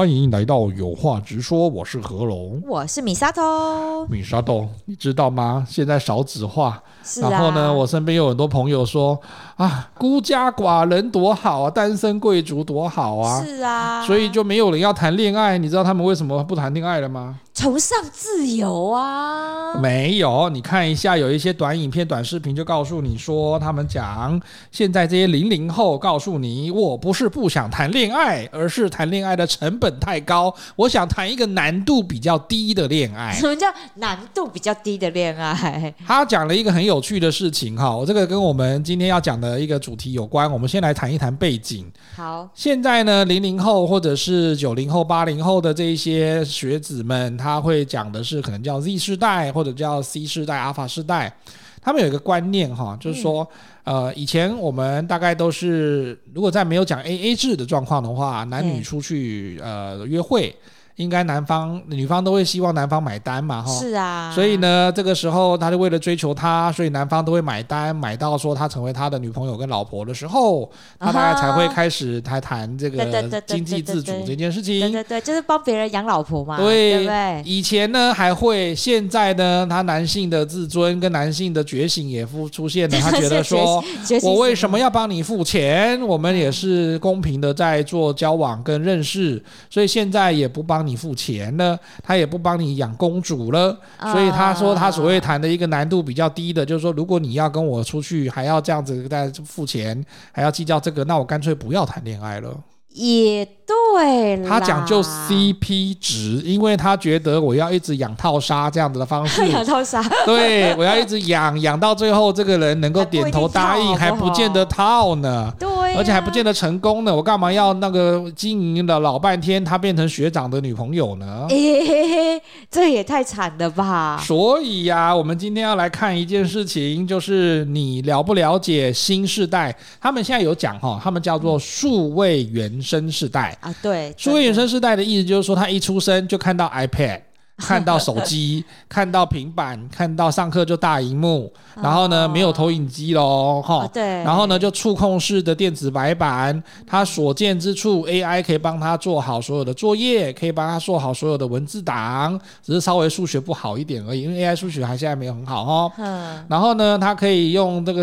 歡迎來到有話職說，我是和龍，我是 Misato，Misato，你知道嗎？現在少子化，是啊、然後呢，我身邊有很多朋友說啊，孤家寡人多好啊，單身貴族多好啊，是啊，所以就沒有人要談戀愛，你知道他們為什麼不談戀愛了嗎？崇尚自由啊？沒有，你看一下，有一些短影片、短視頻就告訴你說，他們講現在這些零零後，告訴你，我不是不想談戀愛，而是談戀愛的成本太高，我想談一個難度比較低的戀愛。什麼叫難度比較低的戀愛？他講了一個很有趣的事情哈，我這個跟我們今天要講的一個主題有關，我們先來談一談背景。好，現在呢，零零後或者是九零後、八零後的這一些學子們，他他會講的是，可能叫 Z 世代或者叫 C 世代、Alpha 世代，他們有一個觀念哈，就是說，嗯、呃，以前我們大概都是，如果在沒有講 AA 制的狀況的話，男女出去、嗯、呃約會。應該男方女方都會希望男方買單嘛，哈，是啊，所以呢，這個時候他就為了追求她，所以男方都會買單，買到說他成為他的女朋友跟老婆的時候，uh huh，他大概才會開始才談這個經濟自主這件事情。對對對，對，對對對，就是幫別人養老婆嘛。對，對對對，以前呢還會，現在呢，他男性的自尊跟男性的覺醒也出現了，他覺得說， 我為什麼要幫你付錢？我們也是公平的在做交往跟認識，所以現在也不幫你。你付錢了，他也不幫你養公主了，哦，所以他說他所謂談的一個難度比較低的，就是說如果你要跟我出去還要這樣子再付錢，還要計較這個，那我乾脆不要談戀愛了。對，他講究 CP 值，因為他覺得我要一直養套殺這樣子的方式， 養套殺對，我要一直養， 養到最後這個人能夠點頭答應還不，好不好還不見得套呢，對、啊，而且還不見得成功呢，我幹嘛要那個經營了老半天他變成學長的女朋友呢？欸、嘿嘿這也太慘了吧！所以呀、啊，我們今天要來看一件事情，就是你了不了解新世代？他們現在有講哈，他們叫做數位原生世代。啊，對，數位原生世代的意思就是說，他一出生就看到 iPad， 看到手機， 看到平板，看到上課就大熒幕，哦、然後呢、哦、沒有投影機嘍，哈、哦，對，然後呢、嗯、就觸控式的電子白板，他所見之處 AI 可以幫他做好所有的作業，可以幫他做好所有的文字檔，只是稍微數學不好一點而已，因為 AI 數學還現在還沒有很好哈、哦，嗯，然後呢，他可以用這個。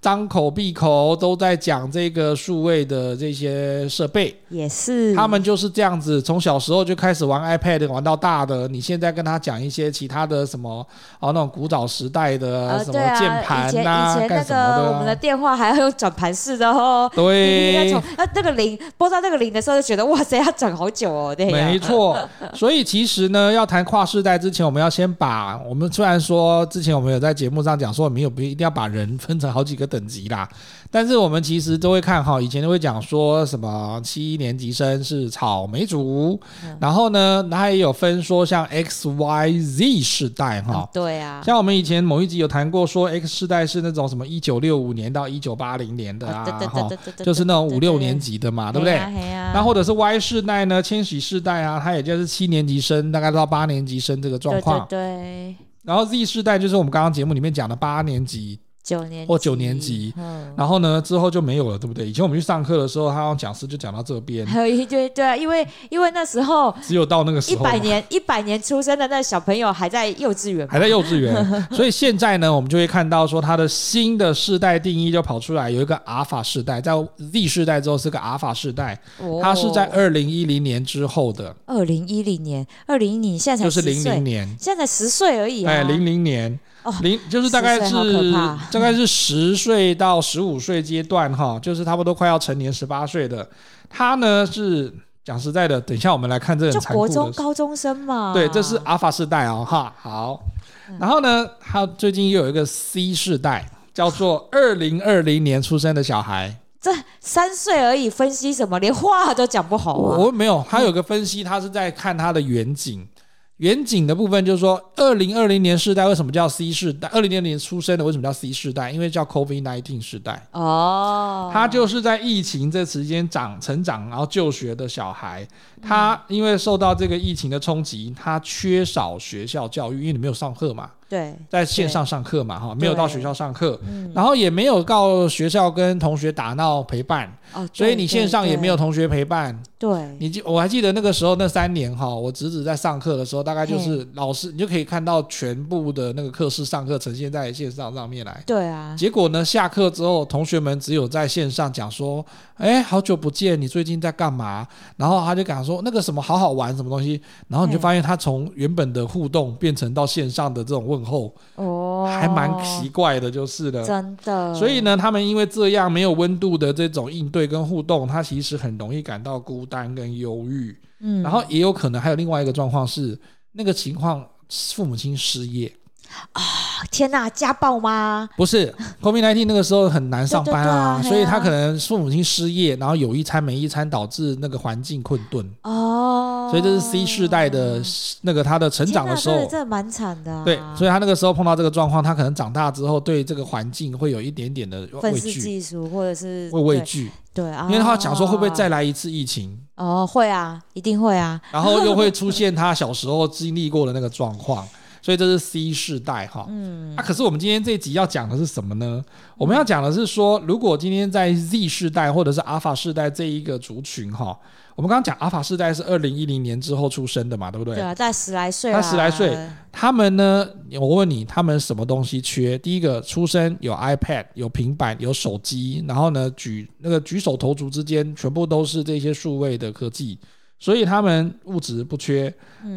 張口閉口都在講這個數位的這些設備，也是他們就是這樣子，從小時候就開始玩 iPad，玩到大的。你現在跟他講一些其他的什麼啊、哦，那種古早時代的什麼鍵盤吶，幹什麼的那個，啊、我們的電話還要用轉盤式的哦對。對，啊那個零撥到那個零的時候就覺得哇塞要轉好久哦。對沒錯，所以其實呢，要談跨世代之前，我們要先把我們，雖然說之前我們有在節目上講說我們有不一定要把人分成好幾個。等級啦，但是我們其實都會看哈，以前都會講說什麼七年級生是草莓族，然後呢，它也有分說像 X、Y、Z 世代哈，對啊，像我們以前某一集有談過說 X 世代是那種什麼一九六五年到一九八零年的啊，哈，就是那種五六年級的嘛，對，對，對，對，對，對不對？那或者是 Y 世代呢，千禧世代啊，它也就是七年級生，大概到八年級生這個狀況，對，對，對，對。然後 Z 世代就是我們剛剛節目裡面講的八年級。九年或九年級，然後呢，之後就沒有了，對不對？以前我們去上課的時候，他要講師就講到這邊，還有一堆對啊，因為因為那時候只有到那個時候，一百年一百年出生的那小朋友還在幼稚園，還在幼稚園， 所以現在呢，我們就會看到說他的新的世代定義就跑出來，有一個阿法世代，在 Z 世代之後是個阿法世代，哦、他是在二零一零年之後的。二零一零年，二零一零現在才十歲現在才十歲而已、啊，哎，零零年。零就是大概是，哦，大概是十歲到十五歲階段哈，嗯，就是差不多快要成年十八歲的他呢，是講實在的，等一下我們來看這個就國中高中生嘛，對，這是 Alpha 世代哦。哈好，然後呢，嗯，他最近又有一個 C 世代，叫做二零二零年出生的小孩，這三歲而已，分析什麼，連話都講不好，啊。我沒有，他有個分析，他是在看他的遠景。嗯遠景的部分就是說，二零二零年世代為什麼叫 C 世代？二零二零年出生的為什麼叫 C 世代？因為叫 COVID nineteen 世代哦。他就是在疫情這時間長成長，然後就學的小孩，他因為受到這個疫情的衝擊，他缺少學校教育，因為你沒有上課嘛。對，在線上上課嘛哈，沒有到學校上課，然後也沒有到學校跟同學打鬧陪伴，所以你線上也沒有同學陪伴。對，你記，我還記得那個時候那三年哈，我侄子在上課的時候，大概就是老師嘿你就可以看到全部的那個課室上課呈現在，在線上上面來。對啊。結果呢，下課之後，同學們只有在線上講說，哎，好久不見，你最近在幹嘛？然後他就講說那個什麼好好玩什麼東西，然後你就發現他從原本的互動變成到線上的這種問候，哦嘿，還蠻奇怪的，就是了、哦。真的。所以呢，他們因為這樣沒有溫度的這種應對跟互動，他其實很容易感到孤獨。擔憂跟憂鬱，嗯，然後也有可能還有另外一個狀況是，那個情況父母親失業。啊、哦！天哪、啊，家暴嗎？不是，COVID-19 那個時候很難上班啊，對對對啊，所以他可能父母親失業，然後有一餐沒一餐，導致那個環境困頓哦。所以這是 C 世代的那個他的成長的時候，這蠻慘的。的啊、對，所以他那個時候碰到這個狀況，他可能長大之後對這個環境會有一點點的畏懼，分技術或者是會畏懼對，對，啊，啊，啊，因為他想說會不會再來一次疫情哦，會啊，一定會啊，然後又會出現他小時候經歷過的那個狀況。 所以這是 C 世代哈，嗯、啊，可是我們今天這一集要講的是什麼呢？嗯、我們要講的是說，如果今天在 Z 世代或者是 Alpha 世代這一個族群哈，我們剛剛講 Alpha 世代是二零一零年之後出生的嘛，對不對？對，在十來歲，在十來歲，他們呢，我問你，他們什麼東西缺？第一個，出生有 iPad，有平板，有手機，然後呢，舉那個舉手投足之間，全部都是這些數位的科技。所以他們物質不缺，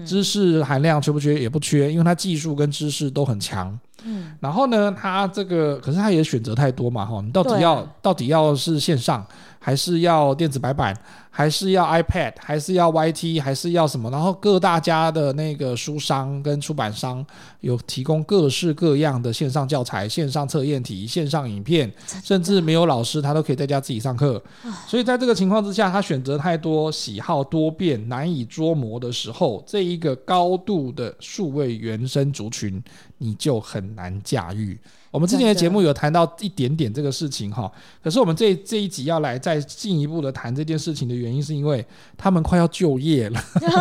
知識含量缺不缺？也不缺，因為他技術跟知識都很強。嗯，然後呢，他這個可是他也選擇太多嘛，哈，你到底要對到底要是線上，還是要電子白板，還是要 iPad，還是要 YT，還是要什麼？然後各大家的那個書商跟出版商有提供各式各樣的線上教材、線上測驗題、線上影片，甚至沒有老師，他都可以在家自己上課。的所以在這個情況之下，他選擇太多，喜好多變，難以捉摸的時候，這一個高度的數位原生族群，你就很難駕馭。我們之前的節目有談到一點點這個事情哈、哦，可是我們這這一集要來再進一步的談這件事情的原因，是因為他們快要就業了。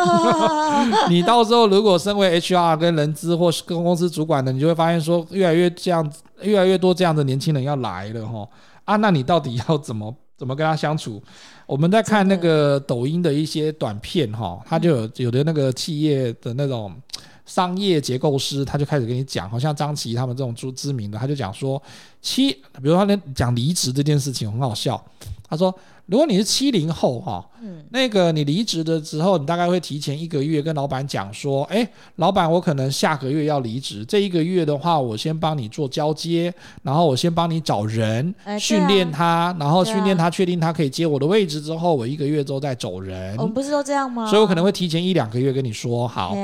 你到時候如果身為 HR 跟人資或是跟公司主管的，你就會發現說，越來越這樣子，越來越多這樣的年輕人要來了哈、哦。啊，那你到底要怎麼怎麼跟他相處？我們在看那個抖音的一些短片哈、哦，他就有有的那個企業的那種。商業結構師，他就開始跟你講，好像張琪他們這種知知名的，他就講說七，比如他講離職這件事情很好笑，他說如果你是七零後哈，嗯、那個你離職的時候，你大概會提前一個月跟老板講說，哎、欸，老板，我可能下個月要離職，這一個月的話，我先幫你做交接，然後我先幫你找人訓練、欸、他，啊、然後訓練他，確定他可以接我的位置之後，啊、我一個月之後再走人，我們、哦、不是都這樣嗎？所以我可能會提前一兩個月跟你說好，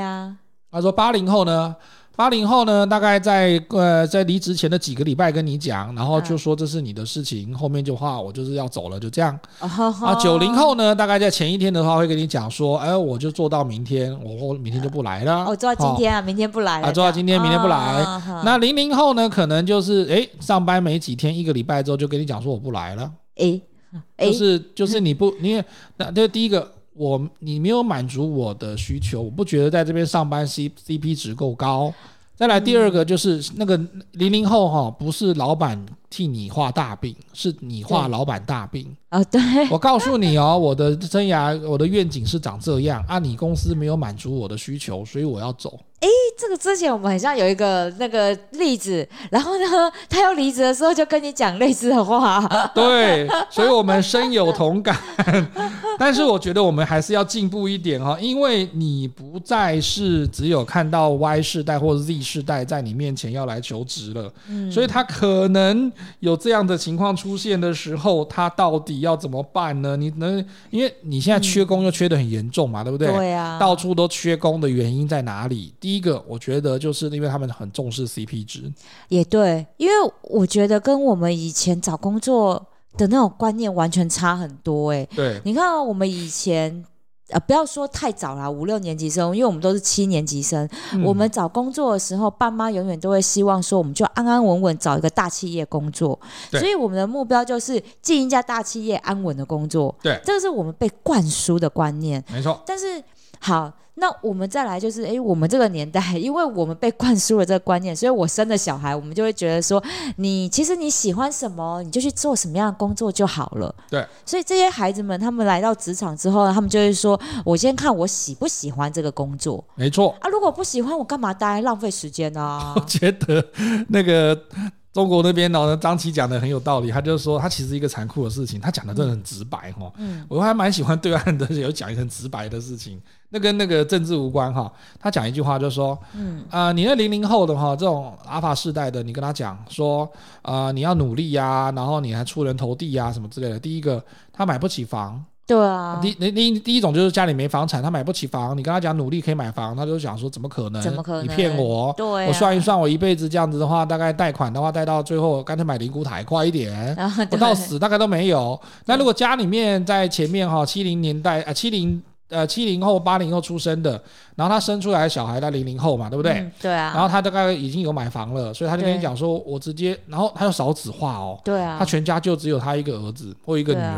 他說：“八零後呢，八零後呢，大概在呃在離職前的幾個禮拜跟你講，然後就說這是你的事情，啊、後面就話我就是要走了，就這樣。哦哦、啊，九零後呢，大概在前一天的話會跟你講說，哎、呃，我就做到明天，我我明天就不來了。我、哦、做到今天啊，哦、明天不來了。啊，做到今天，明天不來。哦、那零零後呢，可能就是哎，上班沒幾天，一個禮拜之後就跟你講說我不來了。哎，誒就是就是你不， 你那這第一個。”我，你沒有滿足我的需求，我不覺得在這邊上班 CP 值夠高。再來第二個就是那個零零後哈，不是老闆。替你畫大餅，是你畫老闆大餅啊、哦！對，我告訴你哦，我的生涯，我的願景是長這樣 啊。你公司沒有滿足我的需求，所以我要走。誒，這個之前我們好像有一個那個例子，然後呢，他要離職的時候就跟你講類似的話。 對，所以我們深有同感。 但是我覺得我們還是要進步一點哈、哦，因為你不再是只有看到 Y 世代或 Z 世代在你面前要來求職了，嗯、所以他可能。有這樣的情況出現的時候，他到底要怎麼辦呢？你能，因為你現在缺工又缺得很嚴重嘛，嗯、對不對？對呀、啊，到處都缺工的原因在哪裡？第一個，我覺得就是因為他們很重視 CP 值。也對，因為我覺得跟我們以前找工作的那種觀念完全差很多、欸。哎對，對你看，我們以前。呃，不要說太早啦。五六年級生，因為我們都是七年級生。嗯、我們找工作的時候，爸媽永遠都會希望說，我們就安安穩穩找一個大企業工作。對所以我們的目標就是進一家大企業，安穩的工作。對，這是我們被灌輸的觀念。沒錯，但是。好，那我們再來就是，哎、欸，我們這個年代，因為我們被灌輸了這個觀念，所以我生的小孩，我們就會覺得說，你其實你喜歡什麼，你就去做什麼樣的工作就好了。對，所以這些孩子們他們來到職場之後，他們就會說，我先看我喜不喜歡這個工作。沒錯。啊，如果不喜歡，我幹嘛待？浪費時間啊。我覺得那個。中國那邊呢、哦，張琪講的很有道理，他就是說，他其實一個殘酷的事情，他講的真的很直白哦，嗯嗯、我還蠻喜歡對岸的有講一些很直白的事情，那跟那個政治無關哈、哦。他講一句話就是說，嗯啊、呃，你那零零後的話，這種阿法世代的，你跟他講說啊、呃，你要努力呀、啊，然後你還出人頭地呀、啊、什麼之類的。第一個，他買不起房。對啊，第那第第一種就是家裡沒房產，他買不起房。你跟他講努力可以買房，他就想說怎麼可能？怎麼可能？你騙我？對、啊，我算一算，我一輩子這樣子的話，大概貸款的話貸到最後，乾脆買零股台快一點，啊、我到死大概都沒有。那，對如果家裡面在前面哈，七零年代啊七零。呃呃，七零後、八零後出生的，然後他生出來小孩在零零後嘛，對不對？對啊。然後他大概已經有買房了，所以他就跟你講說，我直接，然後他要少子化哦，對啊。他全家就只有他一個兒子或一個女兒，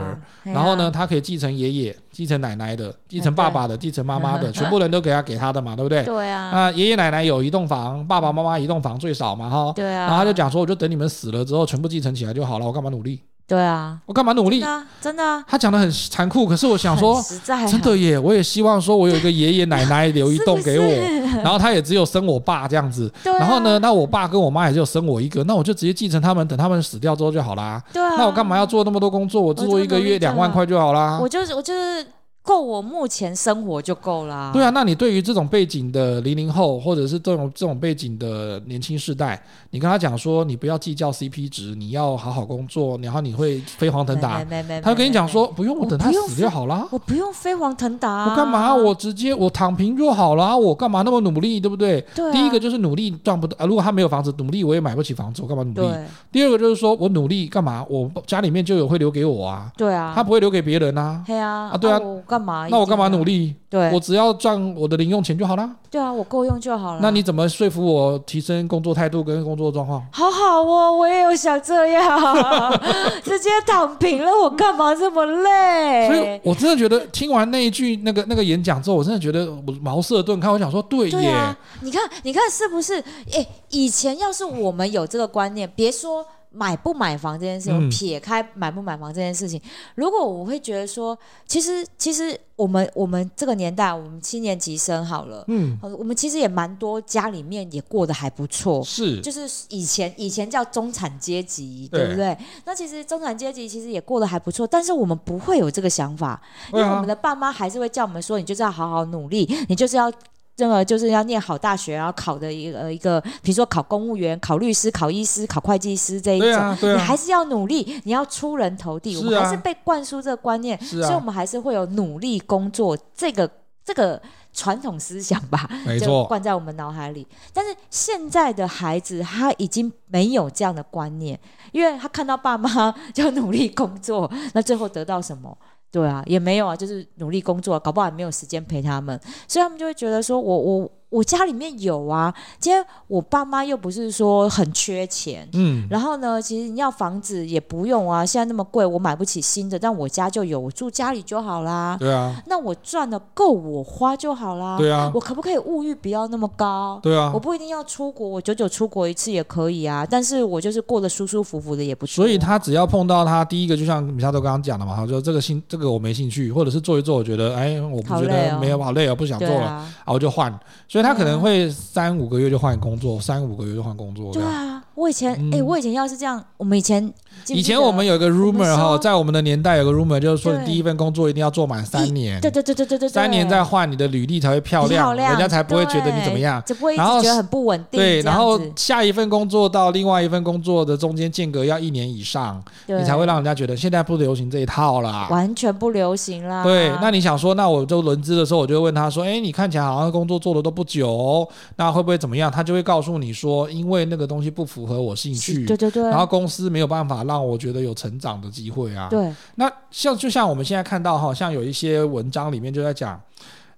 然後呢，他可以繼承爺爺、繼承奶奶的、繼承爸爸的、繼承媽媽的，全部人都給他給他的嘛，對不對？對啊。那爺爺奶奶有一棟房，爸爸媽媽一棟房最少嘛，哈。對啊。然後他就講說，我就等你們死了之後，全部繼承起來就好了，我幹嘛努力？對啊，我幹嘛努力真的，啊真的啊、他講得很殘酷，可是我想說，實在啊、真的耶，我也希望說，我有一個爺爺奶奶留一棟給我， 是不是？然後他也只有生我爸這樣子，啊、然後呢，那我爸跟我媽也只有生我一個，那我就直接繼承他們，等他們死掉之後就好啦。對啊，那我幹嘛要做那麼多工作？我做一個月兩萬塊就好啦。我就，啊、我就是我就是夠我目前生活就夠了。對啊，那你對於這種背景的零零後，或者是這種這種背景的年輕世代？你跟他講說，你不要計較 CP 值，你要好好工作，然後你會飛黃騰達。沒沒沒，他就跟你講說，不用，我等他死就好了。我不用飛黃騰達，我幹嘛？我直接我躺平就好了。我幹嘛那麼努力？對不對？對。第一個就是努力賺不到，如果他沒有房子，努力我也買不起房子，我幹嘛努力？第二個就是說我努力幹嘛？我家裡面就有會留給我啊。對啊，他不會留給別人啊。對啊。啊，對啊。我幹嘛？那我幹嘛努力？我只要賺我的零用錢就好了。對啊，我夠用就好了。那你怎麼說服我提升工作態度跟工？狀況好好哦，我也有想這樣， 直接躺平了。我幹嘛這麼累？ 所以我真的覺得聽完那一句那個那個演講之後，我真的覺得我茅塞頓開。我想說，對耶，對啊，你看，你看是不是？哎、欸，以前要是我們有這個觀念，別說。買不買房這件事情，嗯，撇開買不買房這件事情，如果我會覺得說，其實其實我們我們這個年代，我們七年級生好了，嗯，我們其實也蠻多家裡面也過得還不錯，是，就是以前以前叫中產階級，對不對？對，那其實中產階級其實也過得還不錯，但是我們不會有這個想法，因為我們的爸媽還是會叫我們說，你就是要好好努力，你就是要。真的就是要念好大學，然後考的一個一個，比如說考公務員、考律師、考醫師、考會計師這一種，啊啊、你還是要努力，你要出人頭地，啊、我們還是被灌輸這個觀念，啊、所以我們還是會有努力工作這個這個傳統思想吧，沒錯，就灌在我們腦海裡。但是現在的孩子他已經沒有這樣的觀念，因為他看到爸媽就努力工作，那最後得到什麼？對啊，也沒有啊，就是努力工作啊，搞不好也沒有時間陪他們，所以他們就會覺得說我，我我。我家裡面有啊，其實我爸媽又不是說很缺錢，嗯，然後呢，其實你要房子也不用啊，現在那麼貴，我買不起新的，但我家就有，我住家裡就好啦。對啊，那我賺的夠我花就好啦。對啊，我可不可以物欲不要那麼高？對啊，我不一定要出國，我久久出國一次也可以啊，但是我就是過得舒舒服服的也不錯。所以他只要碰到他，他第一個，就像米沙都剛剛講的嘛，他說這個興這個我沒興趣，或者是做一做，我覺得哎，我不覺得沒有好累啊、哦哦，不想做了，然後、啊、我就換。所以。因為他可能會三五個月就換工作，三五個月就換工作這樣。對啊。我以前，哎、欸，我以前要是這樣，嗯、我們以前記不記得，以前我們有一個 rumor 哈，在我們的年代有個 rumor 就是說，你第一份工作一定要做滿三年，對對對對對，對，三年再換你的履歷才會漂亮，漂亮，人家才不會覺得你怎麼樣，就對後一直會覺得很不穩定。對，然後下一份工作到另外一份工作的中間間隔要一年以上，對你才會讓人家覺得，現在不流行這一套啦，完全不流行啦。對，那你想說，那我就輪資的時候，我就問他說，哎、欸，你看起來好像工作做的都不久，哦，那會不會怎麼樣？他就會告訴你說，因為那個東西不符合。和我興趣，對對對，然後公司沒有辦法讓我覺得有成長的機會啊。對，那像就像我們現在看到哈，像有一些文章裡面就在講。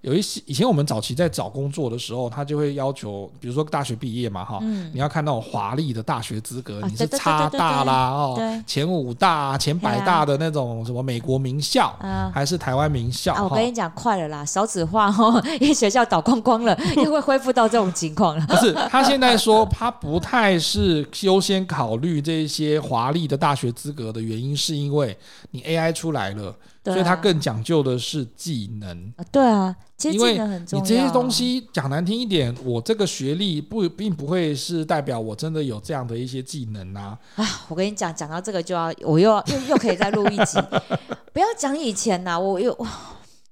有一些以前我們早期在找工作的時候，他就會要求，比如說大學畢業嘛，哈，你要看那種華麗的大學資格，你是差大啦哦，前五大、前百大的那種什麼美國名校，還是台灣名校？我跟你講，快了啦，少子化哦，因為學校倒光光了，又會恢復到這種情況了。不是，他現在說他不太是優先考慮這一些華麗的大學資格的原因，是因為你 AI 出來了。啊、所以，他更講究的是技能。啊對啊，其實因為你這些東西講難聽一點，嗯、我這個學歷不並不會是代表我真的有這樣的一些技能吶、啊。啊，我跟你講，講到這個就要，我又要又又可以再錄一集。 不要講以前吶、啊，我又。我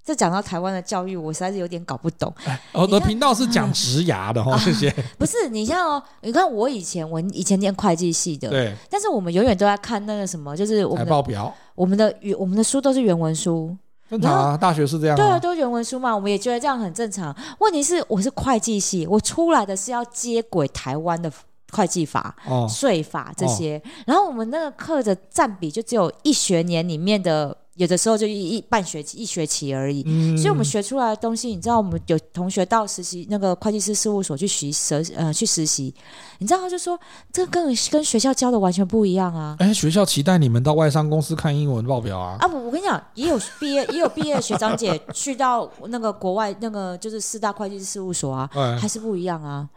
這講到台灣的教育，我實在是有點搞不懂。哎、看我的頻道是講職涯的哈、哦，啊、謝謝。啊、不是你像哦，你看我以前我以前念會計系的，對，但是我們永遠都在看那個什麼，就是我們的報我們的，我們的書都是原文書。正常啊，後大學是這樣，對啊，對都是原文書嘛，我們也覺得這樣很正常。問題是我是會計系，我出來的是要接軌台灣的會計法、哦、稅法這些，哦、然後我們那個課的佔比就只有一學年裡面的。有的時候就一一半學期一學期而已，所以，我們學出來的東西，你知道，我們有同學到實習那個會計師事務所去實實呃去實習，你知道，他就說，這跟跟學校教的完全不一樣啊！哎，學校期待你們到外商公司看英文報表啊！啊，我我跟你講，也有畢業也有畢業學長姐去到那個國外那個就是四大會計師事務所啊，還是不一樣啊。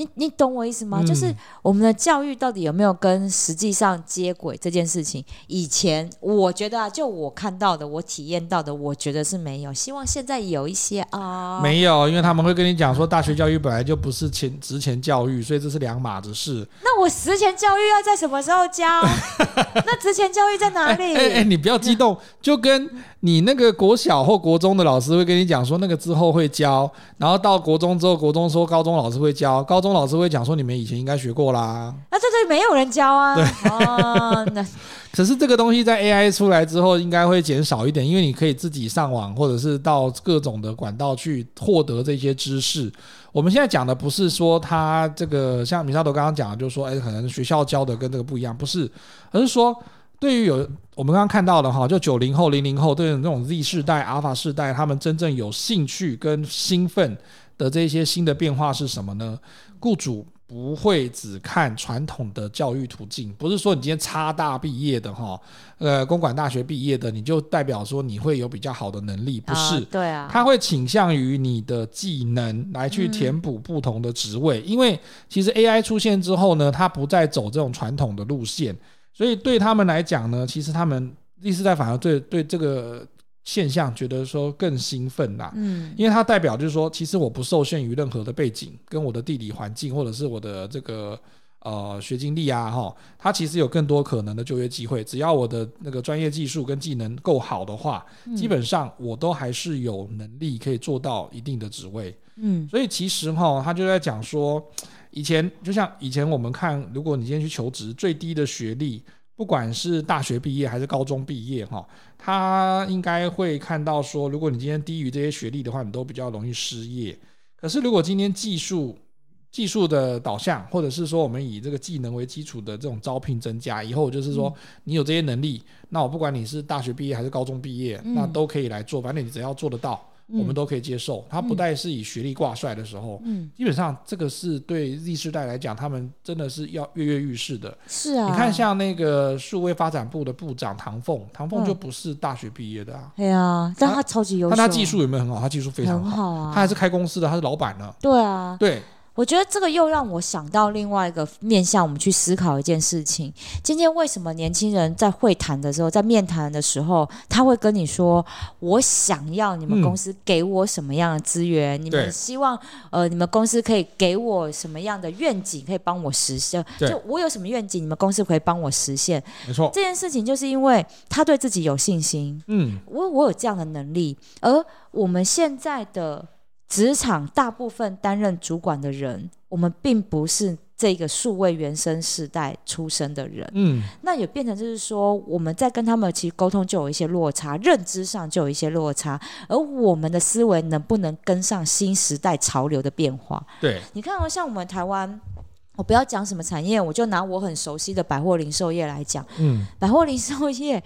你你懂我意思嗎？嗯、就是我們的教育到底有沒有跟實際上接軌這件事情？以前我覺得啊，就我看到的，我體驗到的，我覺得是沒有。希望現在有一些啊，哦、沒有，因為他們會跟你講說，大學教育本來就不是前職前教育，所以這是兩碼子事。那我職前教育要在什麼時候教？ 那職前教育在哪裡？哎哎，哎，你不要激動，有就跟你那個國小或國中的老師會跟你講說，那個之後會教，然後到國中之後，國中說高中老師會教，高中。老師會講說你們以前應該學過啦，啊，那在這裡沒有人教啊。對那 可是這個東西在 AI 出來之後，應該會減少一點，因為你可以自己上網或者是到各種的管道，去獲得這些知識。我們現在講的不是說他這個像米薩多剛剛講的，就是說，誒，可能學校教的跟這個不一樣，不是，而是說，對於有我們剛剛看到的哈，就九零後、零零後，對那種 Z 世代、Alpha 世代，他們真正有興趣跟興奮的這些新的變化是什麼呢？僱主不會只看傳統的教育途徑，不是說你今天差大畢業的哈，呃，公管大學畢業的你就代表說你會有比較好的能力，不是？哦、對啊，他會傾向於你的技能來去填補不同的職位，嗯、因為其實 AI 出現之後呢，他不再走這種傳統的路線，所以對他們來講呢，其實他們 Z 世代反而對對這個。現象覺得說更興奮啦，嗯，因為它代表就是說，其實我不受限於任何的背景，跟我的地理環境，或者是我的這個呃學經歷啊，哈，它其實有更多可能的就業機會。只要我的那個專業技術跟技能夠好的話，基本上我都還是有能力可以做到一定的職位，嗯，所以其實哈，他就在講說，以前就像以前我們看，如果你今天去求職，最低的學歷。不管是大學畢業還是高中畢業，哈，他應該會看到說，如果你今天低於這些學歷的話，你都比較容易失業。可是如果今天技術、技術的導向，或者是說我們以這個技能為基礎的這種招聘，增加以後，就是說你有這些能力，嗯、那我不管你是大學畢業還是高中畢業，嗯、那都可以來做，反正你只要做得到，我們都可以接受，嗯、他不但是以學歷掛帥的時候，嗯、基本上這個是對 Z 世代來講，他們真的是要躍躍欲試的。是啊，你看像那個數位發展部的部長唐鳳，唐鳳就不是大學畢業的啊。對啊，但他超級優秀。但他，他，他技術有沒有很好？他技術非常好，好啊。他還是開公司的，他是老闆呢。對啊。對。我覺得這個又讓我想到另外一個面向，我們去思考一件事情：今天為什麼年輕人在會談的時候，在面談的時候，他會跟你說：“我想要你們公司給我什麼樣的資源？嗯、你們希望呃，你們公司可以給我什麼樣的願景，可以幫我實現？就我有什麼願景，你們公司可以幫我實現？沒錯，這件事情就是因為他對自己有信心。嗯，我我有這樣的能力，而我們現在的。職場大部分擔任主管的人，我們並不是這個數位原生世代出生的人，嗯，那也變成就是說，我們在跟他們其實溝通就有一些落差，認知上就有一些落差，而我們的思維能不能跟上新時代潮流的變化？對，你看哦，像我們台灣，我不要講什麼產業，我就拿我很熟悉的百貨零售業來講，嗯，百貨零售業，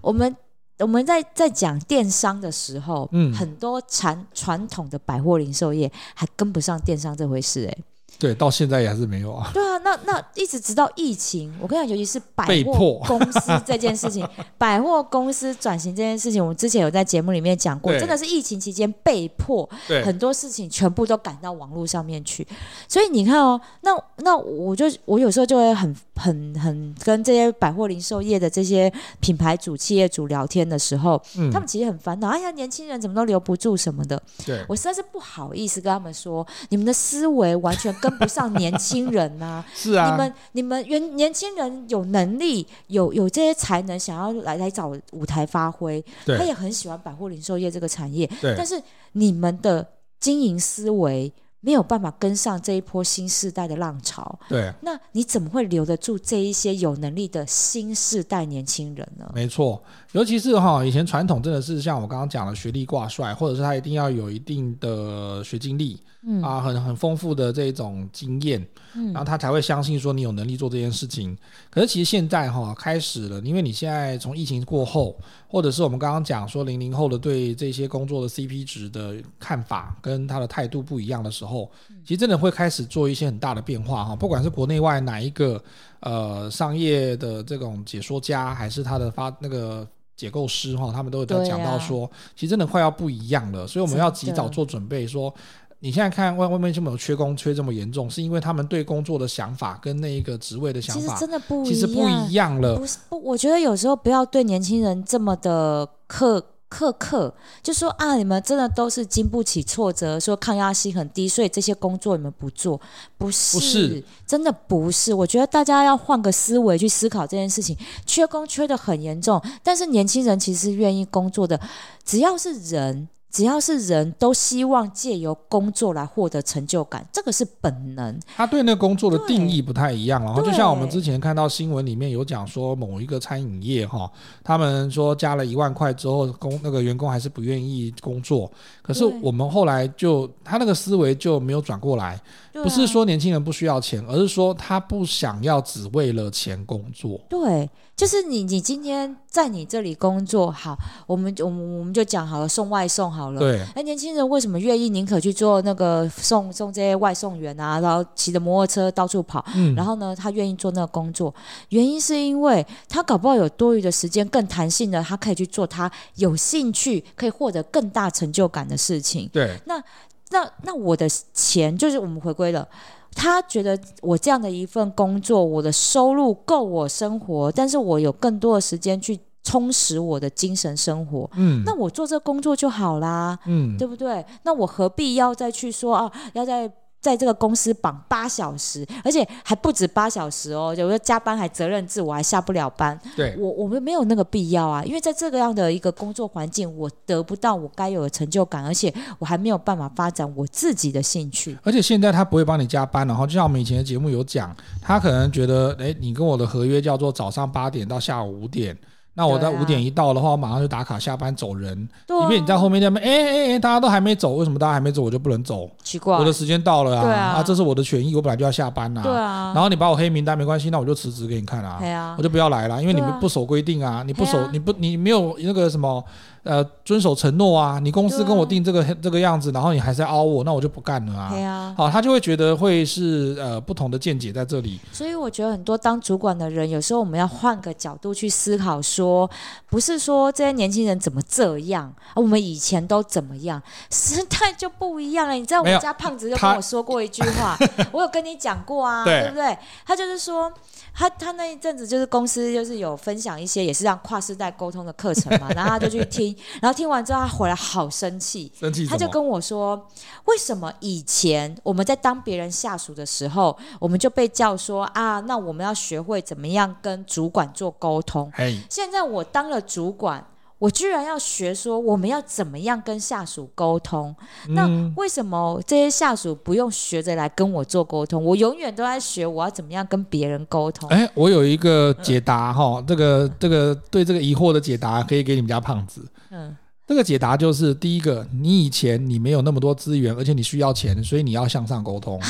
我們。我們在在講電商的時候，嗯，很多傳傳統的百貨零售業還跟不上電商這回事，欸。對，到現在也還是沒有啊。對啊，那那一直直到疫情，我跟你講，尤其是百貨公司這件事情，被迫 百貨公司轉型這件事情，我們之前有在節目裡面講過，對真的是疫情期間被迫，很多事情全部都趕到網絡上面去。對所以你看哦，那那我就我有時候就會很很很跟這些百貨零售業的這些品牌主、企業主聊天的時候，嗯，他們其實很煩惱，哎呀，年輕人怎麼都留不住什麼的。對，我實在是不好意思跟他們說，你們的思維完全。跟不上年輕人吶、啊， 是啊，你，你們你們年年輕人有能力，有有這些才能，想要來來找舞台發揮，對 他也很喜歡百貨零售業這個產業，對，但是你們的經營思維沒有辦法跟上這一波新世代的浪潮，對，那你怎麼會留得住這一些有能力的新世代年輕人呢？沒錯。尤其是哈，以前傳統真的是像我剛剛講的學歷掛帥，或者是他一定要有一定的學經歷，嗯、啊，很很豐富的這種經驗，嗯、然後他才會相信說你有能力做這件事情。可是其實現在哈，開始了，因為你現在從疫情過後，或者是我們剛剛講說零零後的對這些工作的 CP 值的看法跟他的態度不一樣的時候，其實真的會開始做一些很大的變化哈，不管是國內外哪一個。呃，商業的這種解說家，還是他的發那個解構師哈、哦，他們都有在講到說，啊、其實真的快要不一樣了，所以我們要及早做準備說。說的你現在看外外面這麼有缺工，缺這麼嚴重，是因為他們對工作的想法跟那一個職位的想法，其實真的不，其實不一樣了。不是不，我覺得有時候不要對年輕人這麼的苛刻。苛刻，就說啊，你們真的都是經不起挫折，說抗壓性很低，所以這些工作你們不做，不是，不是真的不是。我覺得大家要換個思維去思考這件事情，缺工缺得很嚴重，但是年輕人其實願意工作的，只要是人。只要是人都希望借由工作來獲得成就感，這個是本能。他對那個工作的定義不太一樣，然後就像我們之前看到新聞裡面有講說，某一個餐飲業哈、哦，他們說加了一萬塊之後，工那個員工還是不願意工作。可是我們後來就對他那個思維就沒有轉過來，啊、不是說年輕人不需要錢，而是說他不想要只為了錢工作。對。就是你，你今天在你這裡工作好，我們，我，我們就講好了送外送好了。對。那、欸、年輕人為什麼願意寧可去做那個送送這些外送員啊？然後騎着摩托車到處跑。嗯。然後呢，他願意做那個工作，原因是因為他搞不好有多餘的時間，更彈性的，他可以去做他有興趣、可以獲得更大成就感的事情。對。那那那我的錢就是我們回歸了。他覺得我這樣的一份工作，我的收入夠我生活，但是我有更多的時間去充實我的精神生活。嗯，那我做這工作就好啦。嗯，對不對？那我何必要再去說啊？要再。在這個公司綁八小時，而且還不止八小時哦，就說加班還責任制，我還下不了班。對，我我們沒有那個必要啊，因為在這個樣的一個工作環境，我得不到我該有的成就感，而且我還沒有辦法發展我自己的興趣。而且現在他不會幫你加班，然後就像我們以前的節目有講，他可能覺得，誒，你跟我的合約叫做早上八點到下午五點。那我在五點一到的話，我馬上就打卡下班走人。對啊，因為你在後面在那邊，哎哎哎，大家都還沒走，為什麼大家還沒走我就不能走？奇怪，我的時間到了啊，對啊，啊，這是我的權益，我本來就要下班啊。對啊，然後你把我黑名單沒關係，那我就辭職給你看啊。對啊，我就不要來了，因為你們不守規定啊，啊，你不守你不你沒有那個什麼。呃，遵守承諾啊！你公司跟我定這個、啊、這個樣子，然後你還在凹我，那我就不幹了啊！對啊，好，他就會覺得會是呃不同的見解在這裡。所以我覺得很多當主管的人，有時候我們要換個角度去思考說，說不是說這些年輕人怎麼這樣，我們以前都怎麼樣，時代就不一樣了。你知道我家胖子就跟我說過一句話，有我有跟你講過啊， 對不對？他就是說，他他那一陣子就是公司就是有分享一些也是讓跨世代溝通的課程嘛， 然後他就去聽。然後聽完之後，他回來好生氣，生氣什麼？他就跟我說：“為什麼以前我們在當別人下屬的時候，我們就被叫說啊，那我們要學會怎麼樣跟主管做溝通？Hey. 現在我當了主管。”我居然要學說我們要怎麼樣跟下屬溝通？嗯、那為什麼這些下屬不用學着來跟我做溝通？我永遠都在學，我要怎麼樣跟別人溝通。誒、欸，我有一個解答哈、嗯哦，這個這個對這個疑惑的解答可以給你們家胖子。嗯。嗯這個解答就是：第一個，你以前你沒有那麼多資源，而且你需要錢，所以你要向上溝通。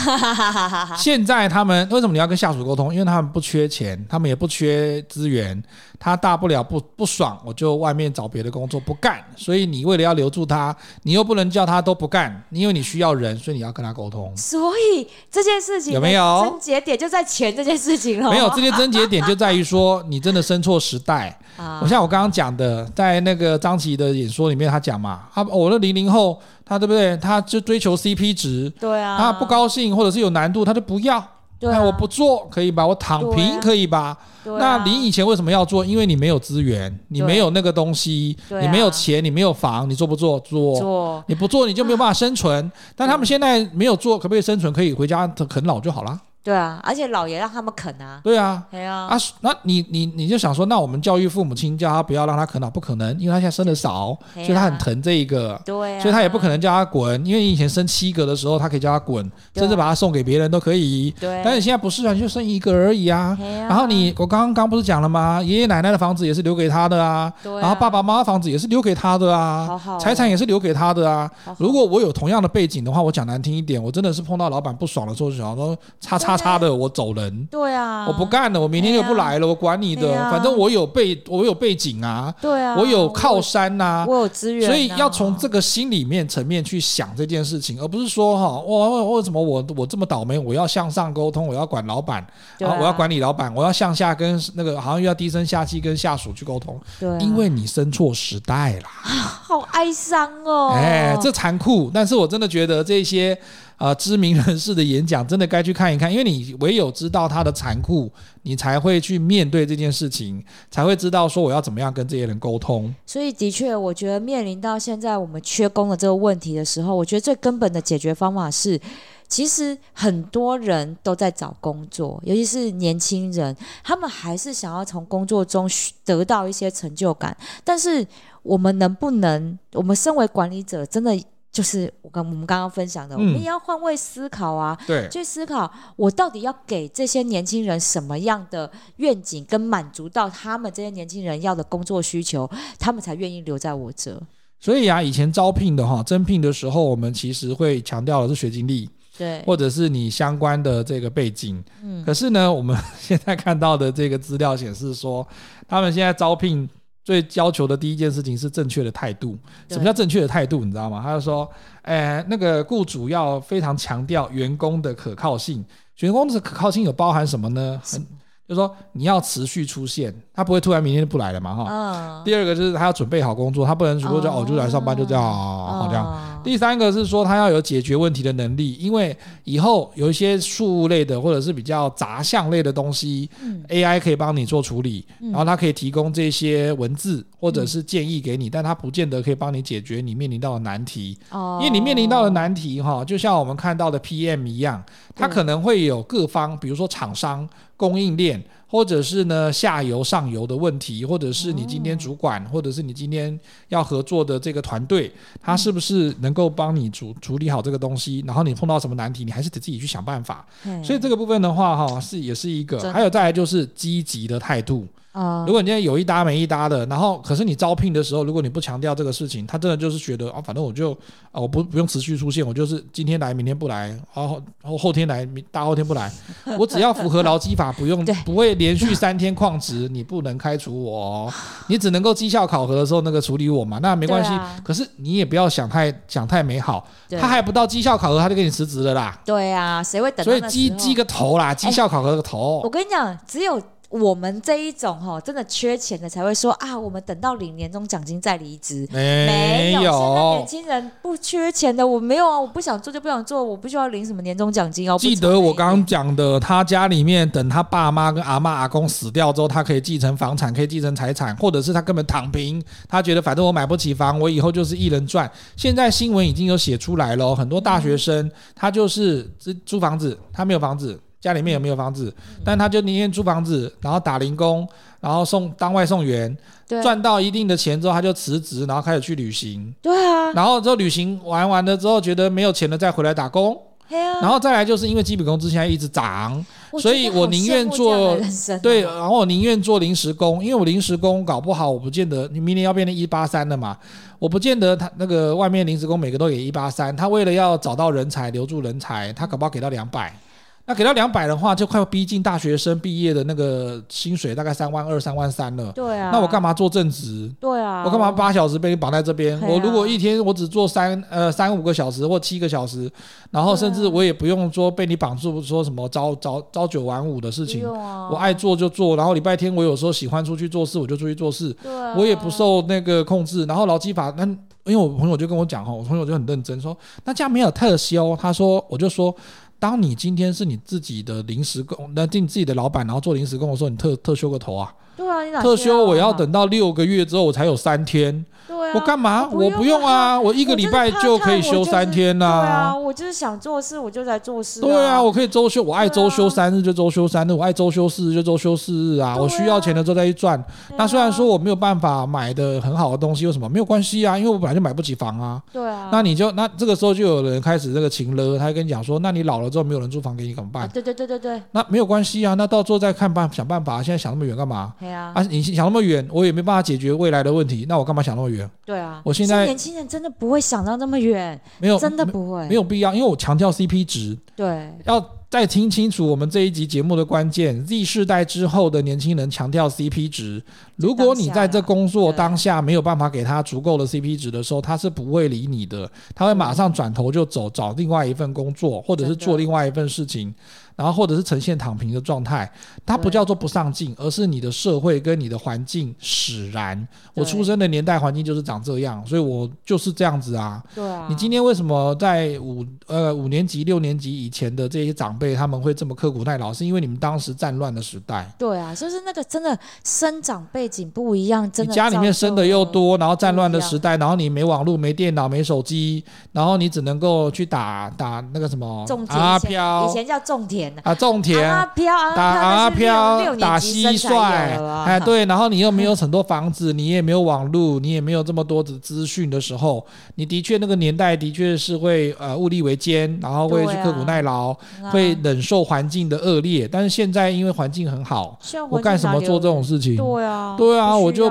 現在他們為什麼你要跟下屬溝通？因為他們不缺錢，他們也不缺資源，他大不了不不爽，我就外面找別的工作不幹。所以你為了要留住他，你又不能叫他都不幹，因為你需要人，所以你要跟他溝通。所以這件事情有沒有症結點就在錢這件事情了、哦？沒有，這些症結點就在於說你真的生錯時代 啊！我像我剛剛講的，在那個張琪的演說。裡面他講嘛，他我的零零後，他對不對？他就追求 CP 值，對啊，他不高興或者是有難度，他就不要，對、啊哎，我不做可以吧？我躺平、啊、可以吧？啊、那你以前為什麼要做？因為你沒有資源，對你沒有那個東西，啊、你沒有錢，你沒有房，你做不做？做，做你不做你就沒有辦法生存。啊、但他們現在沒有做，可不可以生存？可以回家啃老就好了。對啊，而且老爺讓他們啃啊。對啊，哎呀，啊，那你你你就想說，那我們教育父母親，叫他不要讓他啃老，不可能，因為他現在生的少，所以他很疼這一個，對，所以他也不可能叫他滾，因為你以前生七個的時候，他可以叫他滾，甚至把他送給別人都可以，對，但是你現在不是啊，就生一個而已啊。然後你，我剛剛不是講了嗎？爺爺奶奶的房子也是留給他的啊，對，然後爸爸媽媽房子也是留給他的啊，財產也是留給他的啊。如果我有同樣的背景的話，我講難聽一點，我真的是碰到老板不爽的時候，就想說擦擦。差，差的我走人，對啊，我不幹了，我明天就不來了，啊、我管你的，啊、反正我有背，我有背景啊，對啊，我有靠山吶、啊，我有資源、啊，所以要從這個心裡面層面去想這件事情，哦、而不是說哈，我、哦、我為什麼我我這麼倒霉，我要向上溝通，我要管老板、啊啊，我要管理老板，我要向下跟那個好像又要低聲下氣跟下屬去溝通，對、啊，因為你生錯時代了，好哀傷哦，哎，這殘酷，但是我真的覺得這些。啊、呃，知名人士的演講真的該去看一看，因為你唯有知道他的殘酷，你才會去面對這件事情，才會知道說我要怎麼樣跟這些人溝通。所以，的確，我覺得面臨到現在我們缺工的這個問題的時候，我覺得最根本的解決方法是，其實很多人都在找工作，尤其是年輕人，他們還是想要從工作中得到一些成就感。但是，我們能不能，我們身為管理者，真的？就是我剛，我們剛剛分享的，嗯、我們也要換位思考啊，對，去思考我到底要給這些年輕人什麼樣的願景，跟滿足到他們這些年輕人要的工作需求，他們才願意留在我這。所以啊，以前招聘的哈，徵聘的時候，我們其實會強調的是學經歷，對，或者是你相關的這個背景。嗯，可是呢，我們現在看到的這個資料顯示說，他們現在招聘。最要求的第一件事情是正確的態度。對。什麼叫正確的態度？你知道嗎？他就說，誒、欸，那個雇主要非常強調員工的可靠性。員工的可靠性有包含什麼呢？很，就是說你要持續出現。他不會突然明天就不來了嘛？哈、哦。第二個就是他要準備好工作，哦、他不能說哦，就來上班就這樣。好、哦，這樣。第三個是說他要有解決問題的能力，因為以後有一些事務類的或者是比較雜項類的東西、嗯、，AI 可以幫你做處理，嗯、然後他可以提供這些文字或者是建議給你，嗯、但他不見得可以幫你解決你面臨到的難題。哦。因為你面臨到的難題，哈，就像我們看到的 PM 一樣，它可能會有各方，對比如說廠商、供應鏈，或者是呢下游上。有的問題，或者是你今天主管，嗯、或者是你今天要合作的這個團隊，他是不是能夠幫你處處理好這個東西？然後你碰到什麼難題，你還是得自己去想辦法。嘿所以這個部分的話，哈、哦，是也是一個，的還有再來就是積極的態度。嗯、如果你現在有一搭沒一搭的，然後可是你招聘的時候，如果你不強調這個事情，他真的就是覺得啊，反正我就啊，我不不用持續出現，我就是今天來，明天不來，然、啊、後後天來明，大後天不來， 我只要符合勞基法，不用對不會連續三天曠職， 你不能開除我，你只能夠績效考核的時候那個處理我嘛，那沒關係。啊、可是你也不要想太想太美好，對他還不到績效考核他就給你辭職了啦。對啊，誰會等？所以績績個頭啦，績效考核個頭、欸。我跟你講，只有。我們這一種哈、哦，真的缺錢的才會說啊我們等到領年終獎金再離職。沒有，現在年輕人不缺錢的，我沒有啊，我不想做就不想做，我不需要領什麼年終獎金哦。記得我剛剛講的，他家裡面等他爸媽跟阿嬤阿公死掉之後，他可以繼承房產，可以繼承財產，或者是他根本躺平，他覺得反正我買不起房，我以後就是一人賺。現在新聞已經有寫出來了，很多大學生他就是租房子，他沒有房子。家裡面有沒有房子？但他就寧願租房子，然後打零工，然後送當外送員，對啊，賺到一定的錢之後，他就辭職，然後開始去旅行。對啊。然後之後旅行玩完了之後，覺得沒有錢了，再回來打工。嘿啊。然後再來就是因為基本工資現在一直漲，啊，所以我寧願做，對，然後我寧願做臨時工，因為我臨時工搞不好我不見得，你明年要變成一八三了嘛，我不見得他那個外面臨時工每個都給一八三，他為了要找到人才留住人才，他搞不好給到兩百。嗯那給到兩百的話，就快要逼近大學生畢業的那個薪水，大概三萬二、三萬三了。對啊。那我幹嘛做正職？對啊。我幹嘛八小時被你綁在這邊？對啊。我如果一天我只做三呃三五個小時或七個小時，然後甚至我也不用說被你綁住說什麼朝朝朝九晚五的事情。對啊。我愛做就做，然後禮拜天我有時候喜歡出去做事，我就出去做事。對啊。我也不受那個控制。然後勞基法，那因為我朋友就跟我講哈，我朋友就很認真說，那這樣沒有特休。他說，我就說。當你今天是你自己的臨時工，那對你自己的老闆，然後做臨時工，我說你特特休個頭啊。對啊，你特休我要等到六個月之後，我才有三天。對，我幹嘛？我不用啊，我一個禮拜就可以休三天吶。對啊，我就是想做事，我就在做事。對啊，我可以周休，我愛周休三日就周休三日，我愛周休四日就周休四日啊。我需要錢的時候再去賺。那雖然說我沒有辦法買的很好的東西，為什麼沒有關係啊？因為我本來就買不起房啊。對啊。那你就那這個時候就有人開始這個情勒，他就跟你講說：“那你老了之後沒有人租房給你怎麼辦？”對對對對對。那沒有關係啊，那到時候再看辦想辦法。現在想那麼遠幹嘛？啊！你想那麼遠，我也沒辦法解決未來的問題，那我幹嘛想那麼遠？對啊，我現在年輕人真的不會想到那麼遠，沒有，真的不會，沒有必要，因為我強調 CP 值。對，要再聽清楚我們這一集節目的關鍵：Z 世代之後的年輕人強調 CP 值。如果你在這工作當下沒有辦法給他足夠的 CP 值的時候，他是不會理你的，他會馬上轉頭就走，找另外一份工作，或者是做另外一份事情，然後或者是呈現躺平的狀態。他不叫做不上進，而是你的社會跟你的環境使然。我出生的年代環境就是長這樣，所以我就是這樣子啊。對啊。你今天為什麼在五呃五年級六年級以前的這些長輩，他們會這麼刻苦耐勞？是因為你們當時戰亂的時代。對啊，就是那個真的生長輩。背景不一樣，你家裡面生的又多，然後戰亂的時代，然後你沒網絡、沒電腦、沒手機，然後你只能夠去打打那個什麼種田啊，飄以前叫種田啊，種田啊，飄啊，阿飄打蟋蟀，哎，對，然後你又沒有很多房子，你也沒有網絡，你也沒有這麼多的資訊的時候，你的確那個年代的確是會呃物力維艱，然後會去刻苦耐勞，會忍受環境的惡劣。但是現在因為環境很好，我幹什麼做這種事情？對啊。對啊，啊我就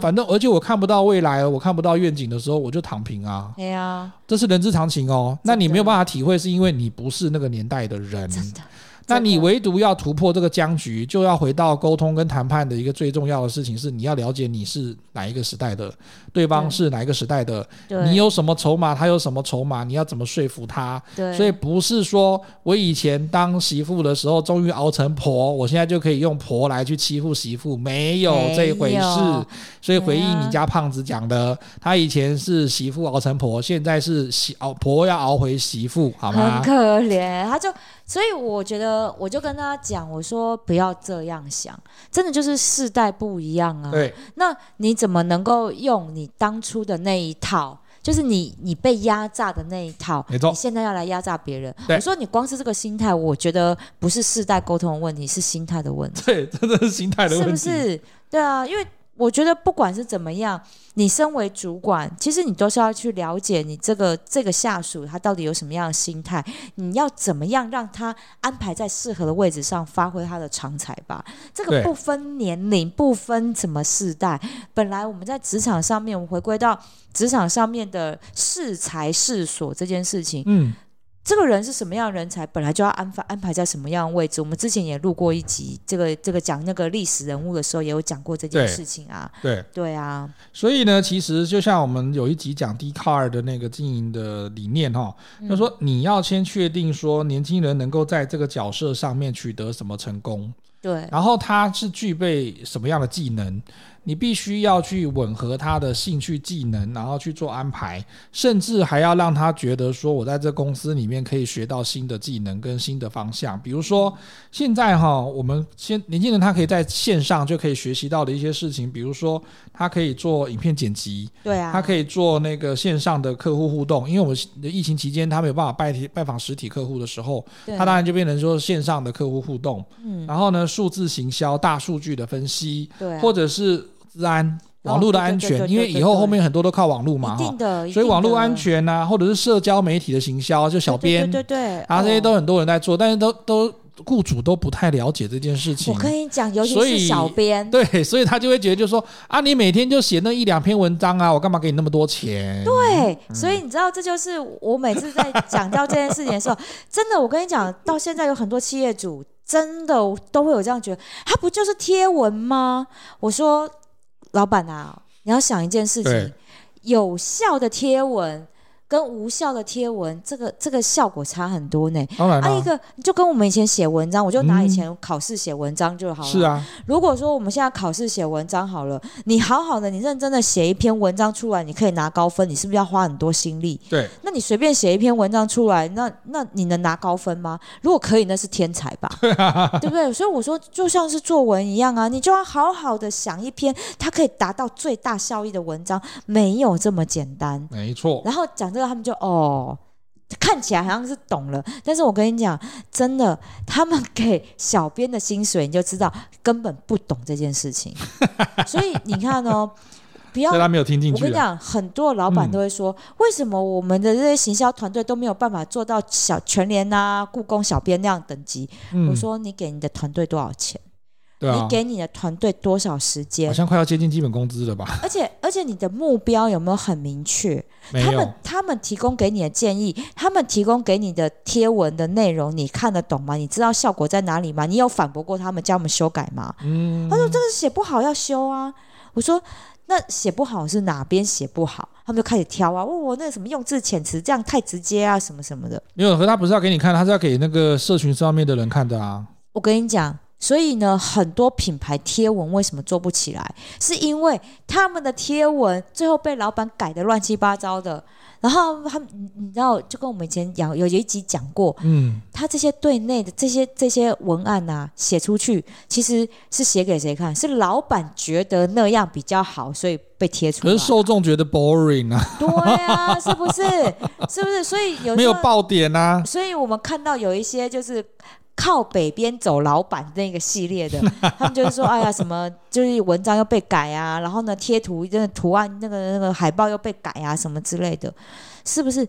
反正而且我看不到未來，我看不到願景的時候，我就躺平啊。對啊、哎呀，這是人之常情哦。的那你沒有辦法體會，是因為你不是那個年代的人。真的。那你唯獨要突破這個僵局，就要回到溝通跟談判的一個最重要的事情是，你要了解你是哪一個時代的，對方是哪一個時代的，你有什麼籌碼，他有什麼籌碼，你要怎麼說服他？所以不是說我以前當媳婦的時候終於熬成婆，我現在就可以用婆來去欺負媳婦，沒有這一回事。所以回憶你家胖子講的，他以前是媳婦熬成婆，現在是媳熬婆要熬回媳婦，好嗎？很可憐，他就。所以我覺得，我就跟他講，我說不要這樣想，真的就是世代不一樣啊。對，那你怎麼能夠用你當初的那一套，就是你你被壓榨的那一套，沒錯，你現在要來壓榨別人？對，我說你光是這個心態，我覺得不是世代溝通的問題，是心態的問題。對，真的是心態的問題。是不是？對啊，因為。我覺得不管是怎麼樣，你身為主管，其實你都是要去了解你這個這個下屬他到底有什麼樣的心態，你要怎麼樣讓他安排在適合的位置上發揮他的長才吧。這個不分年齡，對不分怎麼世代。本來我們在職場上面，我們回歸到職場上面的適才適所這件事情。嗯。這個人是什麼樣的人才，本來就要安安排在什麼樣的位置。我們之前也錄過一集，這個這個講那個歷史人物的時候，也有講過這件事情啊。對對，對啊，所以呢，其實就像我們有一集講 D 卡爾的那個經營的理念哈、哦，他、嗯、說你要先確定說年輕人能夠在這個角色上面取得什麼成功，對，然後他是具備什麼樣的技能。你必須要去吻合他的興趣技能，然後去做安排，甚至還要讓他覺得說，我在這公司裡面可以學到新的技能跟新的方向。比如說，現在哈，我們先年輕人他可以在線上就可以學習到的一些事情，比如說他可以做影片剪輯，對啊，他可以做那個線上的客戶互動，因為我們的疫情期間他沒有辦法拜拜訪實體客戶的時候，對他當然就變成說線上的客戶互動。嗯，然後呢，數字行銷、大數據的分析，對啊，或者是。治安網絡的安全，因為以後後面很多都靠網絡嘛，哈，所以網絡安全吶，或者是社交媒體的行銷，就小編，對對對，然後這些都很多人在做，但是都都雇主都不太了解這件事情。我跟你講，尤其是小編，對，所以他就會覺得就說啊，你每天就寫那一兩篇文章啊，我幹嘛給你那麼多錢？對，所以你知道這就是我每次在講到這件事情的時候，真的，我跟你講，到現在有很多企業主真的都會有這樣覺得，他不就是貼文嗎？我說。老闆啊，你要想一件事情，對有效的貼文，跟無效的貼文，這個這個效果差很多呢、欸。當然了、啊，啊一個你就跟我們以前寫文章，我就拿以前考試寫文章就好了、嗯。是啊，如果說我們現在考試寫文章好了，你好好的，你認真的寫一篇文章出來，你可以拿高分，你是不是要花很多心力？對。那你隨便寫一篇文章出來，那那你能拿高分嗎？如果可以，那是天才吧？ 對不對？所以我說，就像是作文一樣啊，你就要好好的想一篇，它可以達到最大效益的文章，沒有這麼簡單。沒錯。然後講這個。他們就哦，看起來好像是懂了，但是我跟你講，真的，他們給小編的薪水你就知道，根本不懂這件事情。 所以你看哦，不要，所以他沒有聽進去。我跟你講，很多老闆都會說，嗯、為什麼我們的這些行銷團隊都沒有辦法做到小全聯啊、故宮小編那樣等級？我、嗯、說你給你的團隊多少錢？啊、你給你的團隊多少時間？好像快要接近基本工資了吧。而且而且你的目標有沒有很明確？ 沒有 他們他們提供給你的建議，他們提供給你的貼文的內容，你看得懂嗎？你知道效果在哪裡嗎？你有反駁過他們，教我們修改嗎？嗯。他說這個寫不好要修啊。我說那寫不好是哪邊寫不好？他們就開始挑啊，問我那什麼用字遣詞這樣太直接啊，什麼什麼的。沒有，和他不是要給你看，他是要給那個社群上面的人看的啊。我跟你講。所以呢，很多品牌貼文為什麼做不起來？是因為他們的貼文最後被老闆改得亂七八糟的。然後他們，你知道，就跟我們以前講有一集講過，嗯，他這些對內的這些這些文案啊，寫出去其實是寫給誰看？是老闆覺得那樣比較好，所以被貼出來。可是受眾覺得 boring 啊？對啊，是不是？ 是不是？所以有沒有爆點啊？所以我們看到有一些就是。靠北邊走，老闆那個系列的，他們就是說，哎呀，什麼就是文章又被改啊，然後呢，貼圖，那個圖案那個那個海報又被改啊，什麼之類的，是不是？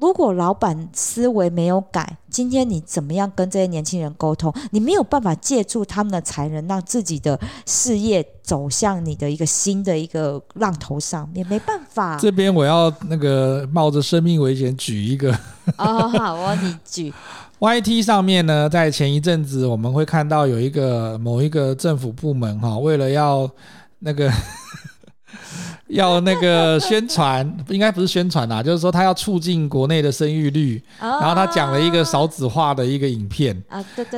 如果老闆思維沒有改，今天你怎麼樣跟這些年輕人溝通？你沒有辦法借助他們的才能，讓自己的事業走向你的一個新的一個浪頭上，也沒辦法。這邊我要那個冒着生命危險舉一個。哦，好，我你舉。YT 上面呢，在前一陣子，我們會看到有一個某一個政府部門，哦，哈，為了要那個。 要那個宣傳，應該不是宣傳啦，就是說他要促進國內的生育率。然後他講了一個少子化的一個影片。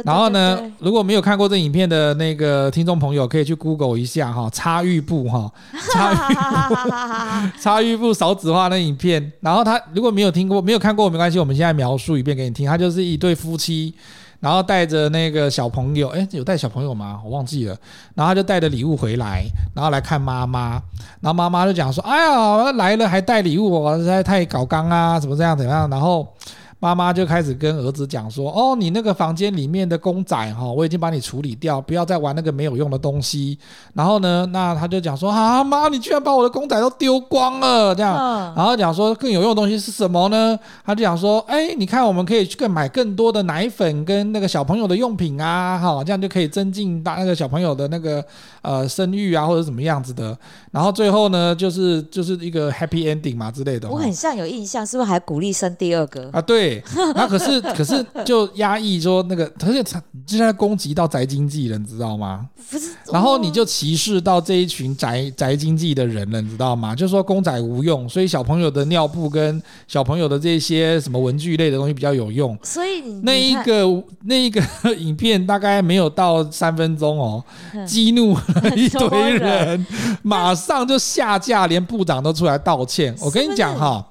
然後呢，如果沒有看過這影片的那個聽眾朋友，可以去 Google 一下哈，差育部哈，差育部 少子化的那影片。然後他如果沒有聽過、沒有看過，沒關係，我們現在描述一遍給你聽。他就是一對夫妻。然後帶着那個小朋友，哎，有帶小朋友嗎？我忘記了。然後他就帶着禮物回來，然後來看媽媽。然後媽媽就講說：“哎呀，來了還帶禮物，我實在太搞剛啊，怎麼這樣怎麼樣？”然後。媽媽就開始跟兒子講說：“哦，你那個房間裡面的公仔哈、哦，我已經幫你處理掉，不要再玩那個沒有用的東西。”然後呢，那他就講說：“啊，媽，你居然把我的公仔都丟光了，這樣。嗯”然後講說更有用的東西是什麼呢？他就講說：“哎，你看，我們可以去更買更多的奶粉跟那個小朋友的用品啊，哈、哦，這樣就可以增進大那個小朋友的那個呃生育啊，或者怎麼樣子的。”然後最後呢，就是就是一個 happy ending 嘛之類的。我很像有印象，是不是還鼓勵生第二個啊？對。對， 那可是可是就壓抑說那個，而且他就在攻擊到宅經濟了，你知道嗎？是然後你就歧視到這一群宅宅經濟的人了，你知道嗎？就說公仔無用，所以小朋友的尿布跟小朋友的這些什麼文具類的東西比較有用。所以那一個那一個影片大概沒有到三分鐘哦，嗯、激怒了一堆人，人馬上就下架，連部長都出來道歉。是是，我跟你講哈、哦。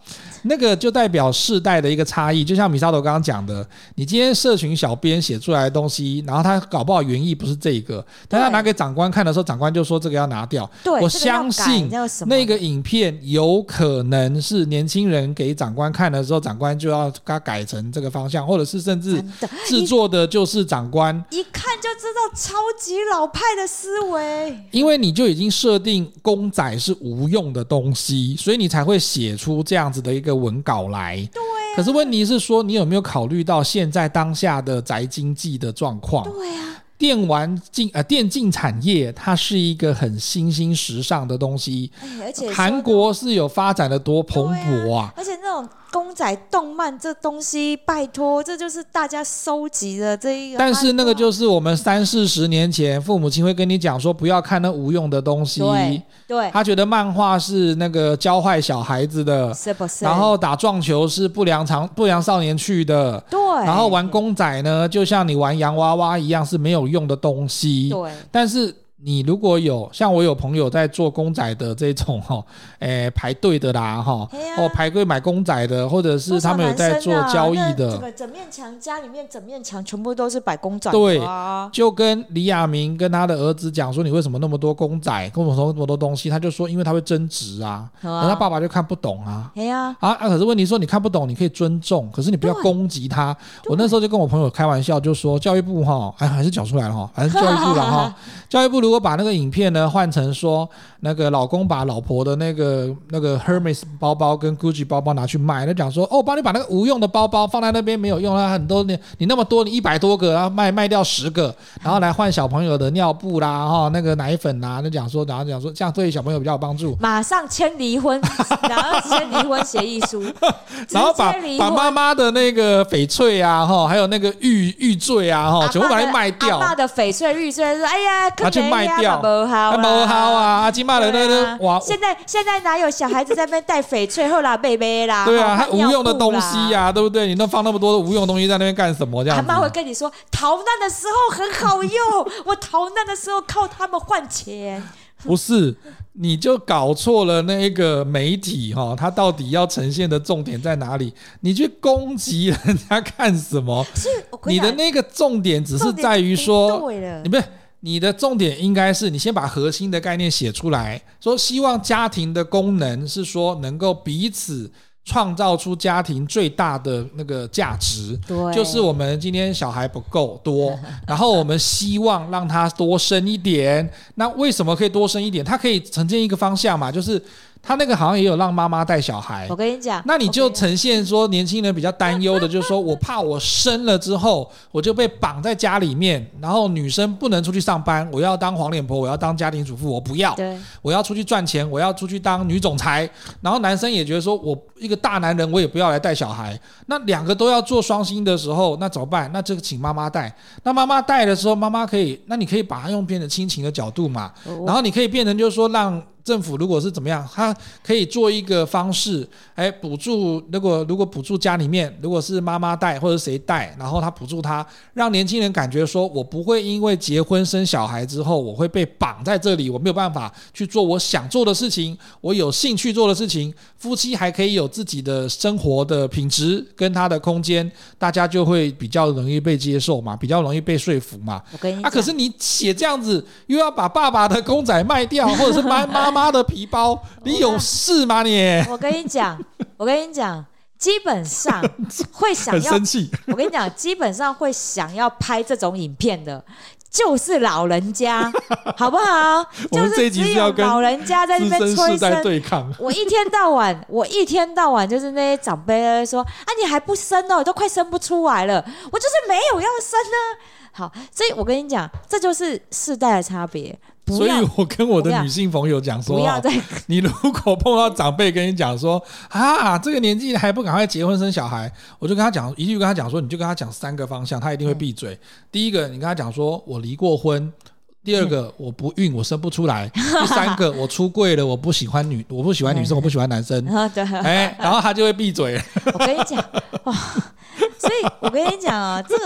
那個就代表世代的一個差異，就像 Misato 剛剛講的，你今天社群小編寫出來的東西，然後他搞不好原意不是這個，對但他拿給長官看的時候，長官就說這個要拿掉。對我相信個那個影片有可能是年輕人給長官看的時候，長官就要給他改成這個方向，或者是甚至制作的就是長官一,一看就知道超級老派的思維，因為你就已經設定公仔是無用的東西，所以你才會寫出這樣子的一個。文稿來，對、可是問題是說，你有沒有考慮到現在當下的宅經濟的狀況？對啊、電玩競呃電競產業它是一個很新興時尚的東西，對啊、而且韓國是有發展的多蓬勃啊，對啊，而且那種。公仔、動漫這東西，拜托，這就是大家收集的這一個。但是那個就是我們三四十年前，嗯、父母親會跟你講說，不要看那無用的東西。對，對他覺得漫畫是那個教壞小孩子的，是不是？然後打撞球是不良場、不良少年去的。對，然後玩公仔呢，就像你玩洋娃娃一樣，是沒有用的東西。對，但是。.你如果有像我有朋友在做公仔的這種哈，誒、欸、排隊的啦哈，哦、啊喔、排隊買公仔的，或者是他們有在做交易的，這、啊、個整面牆家裡面整面牆全部都是擺公仔的、啊，對，就跟李亞明跟他的兒子講說，你為什麼那麼多公仔，跟我說那麼多東西，他就說因為他會增值啊，然後、啊、他爸爸就看不懂啊，哎呀、啊啊，啊啊可是問題說，你看不懂你可以尊重，可是你不要攻擊他，對我那時候就跟我朋友開玩笑就說教育部哈、哎，還還是講出來了哈，還是教育部了哈。 下一步如果把那個影片呢換成說那個老公把老婆的那個那個 Hermes 包包跟 Gucci 包包拿去賣，那講說哦，幫你把那個無用的包包放在那邊沒有用啊，很多你你，你那麼多你一百多個，然、啊、後賣賣掉十個，然後來換小朋友的尿布啦哈、哦，那個奶粉吶、啊，那講說然後講說這樣對小朋友比較有幫助，馬上簽離婚， 然後簽離婚協議書， 然後把把媽媽的那個翡翠啊哈，還有那個玉玉墜啊哈，全部把它賣掉，阿爸的翡翠玉墜是哎呀。可去賣掉，他不好啊！阿金罵了那那，啊、哇！現在現在哪有小孩子在那邊戴翡翠後啦貝貝啦？啦對啊，他無用的東西呀、啊， 對不對？你那放那麼多的無用的東西在那邊幹什麼？這樣、啊？他媽會跟你說逃難的時候很好用， 我逃難的時候靠他們換錢。 不是，你就搞錯了那一個媒體哈，他到底要呈現的重點在哪裡？你去攻擊人家幹什麼？是，你的那個重點只是在於說，你不是。你的重點應該是，你先把核心的概念寫出來，說希望家庭的功能是說能夠彼此創造出家庭最大的那個價值。對，就是我們今天小孩不夠多，然後我們希望讓他多生一點。那為什麼可以多生一點？他可以呈現一個方向嘛，就是。他那個好像也有讓媽媽帶小孩。我跟你講，那你就呈現說年輕人比較擔憂的，就是說我怕我生了之後， 我就被綁在家裡面，然後女生不能出去上班，我要當黃臉婆，我要當家庭主婦，我不要，對我要出去賺錢，我要出去當女總裁。然後男生也覺得說我一個大男人，我也不要來帶小孩，那兩個都要做雙薪的時候，那怎麼辦？那這個請媽媽帶，那媽媽帶的時候，媽媽可以，那你可以把它用變成親情的角度嘛，然後你可以變成就是說讓。政府如果是怎麼樣，他可以做一個方式，哎，補助，如果如果補助家裡面，如果是媽媽帶或者是誰帶，然後他補助他，讓年輕人感覺說我不會因為結婚生小孩之後，我會被綁在這裡，我沒有辦法去做我想做的事情，我有興趣做的事情，夫妻還可以有自己的生活的品質跟他的空間，大家就會比較容易被接受嘛，比較容易被說服嘛。我跟你講，啊，可是你寫這樣子，又要把爸爸的公仔賣掉，或者是把媽媽。媽的皮包，你有事嗎你？我跟你講，我跟你講，基本上會想要很生氣，我跟你講，基本上會想要拍這種影片的，就是老人家，好不好？ 就是只有老人家在那邊催生。我們這一集是要跟自身世代對抗。 我一天到晚，我一天到晚就是那些長輩說：“啊，你還不生哦，都快生不出來了。”我就是沒有要生呢、啊。」好，所以我跟你講，這就是世代的差別。不要所以，我跟我的女性朋友講說，不要，不要再、哦、你如果碰到長輩跟你講說啊，這個年紀還不趕快結婚生小孩，我就跟他講一句，跟他講說，你就跟他講三個方向，他一定會閉嘴。哦、第一個，你跟他講說我離過婚；第二個，嗯、我不孕，我生不出來； 第三個，我出櫃了，我不喜歡女，我不喜歡女生，嗯、我不喜歡男生。對， 哎，然後他就會閉嘴。 我跟你講哇，所以我跟你講啊、哦，這個。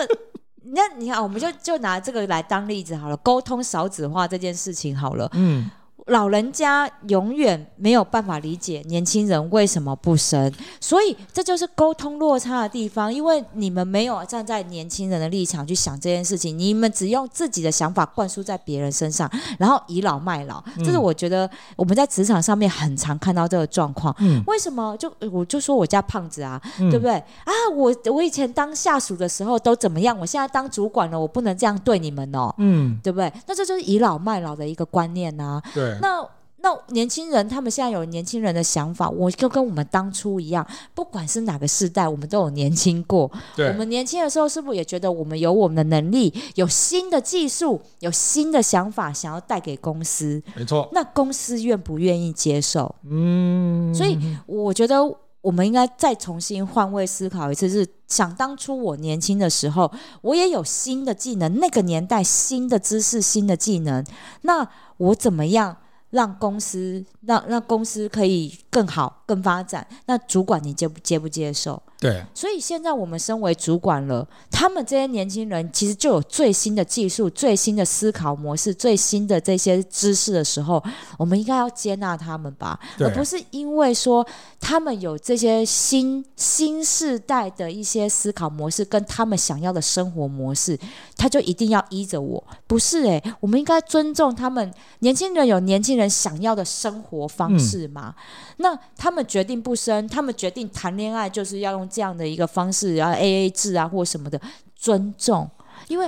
那你看，我們就就拿這個來當例子好了，溝通少子化這件事情好了。嗯。老人家永遠沒有辦法理解年輕人為什麼不生，所以這就是溝通落差的地方。因為你們沒有站在年輕人的立場去想這件事情，你們只用自己的想法灌輸在別人身上，然後倚老賣老。這是我覺得我們在職場上面很常看到這個狀況。為什麼？就我就說我家胖子啊，對不對？啊，我我以前當下屬的時候都怎麼樣，我現在當主管了，我不能這樣對你們哦，嗯，對不對？那這就是倚老賣老的一個觀念吶啊。對。那那年輕人他們現在有年輕人的想法，我就跟我們當初一樣，不管是哪個世代，我們都有年輕過。對我們年輕的時候是不是也覺得我們有我們的能力，有新的技術，有新的想法，想要帶給公司？沒錯。那公司願不願意接受？嗯。所以我覺得我們應該再重新換位思考一次，是想當初我年輕的時候，我也有新的技能，那個年代新的知識、新的技能，那我怎麼樣？讓公司讓讓公司可以更好更發展，那主管你接不接不接受？對。所以現在我們身為主管了，他們這些年輕人其實就有最新的技術、最新的思考模式、最新的這些知識的時候，我們應該要接納他們吧，對而不是因為說他們有這些新新世代的一些思考模式跟他們想要的生活模式，他就一定要依着我？不是誒、欸，我們應該尊重他們，年輕人有年輕人。人想要的生活方式嘛。嗯、那他們決定不生，他們決定談戀愛，就是要用這樣的一個方式，然後 AA 製啊，或什麼的，尊重。因為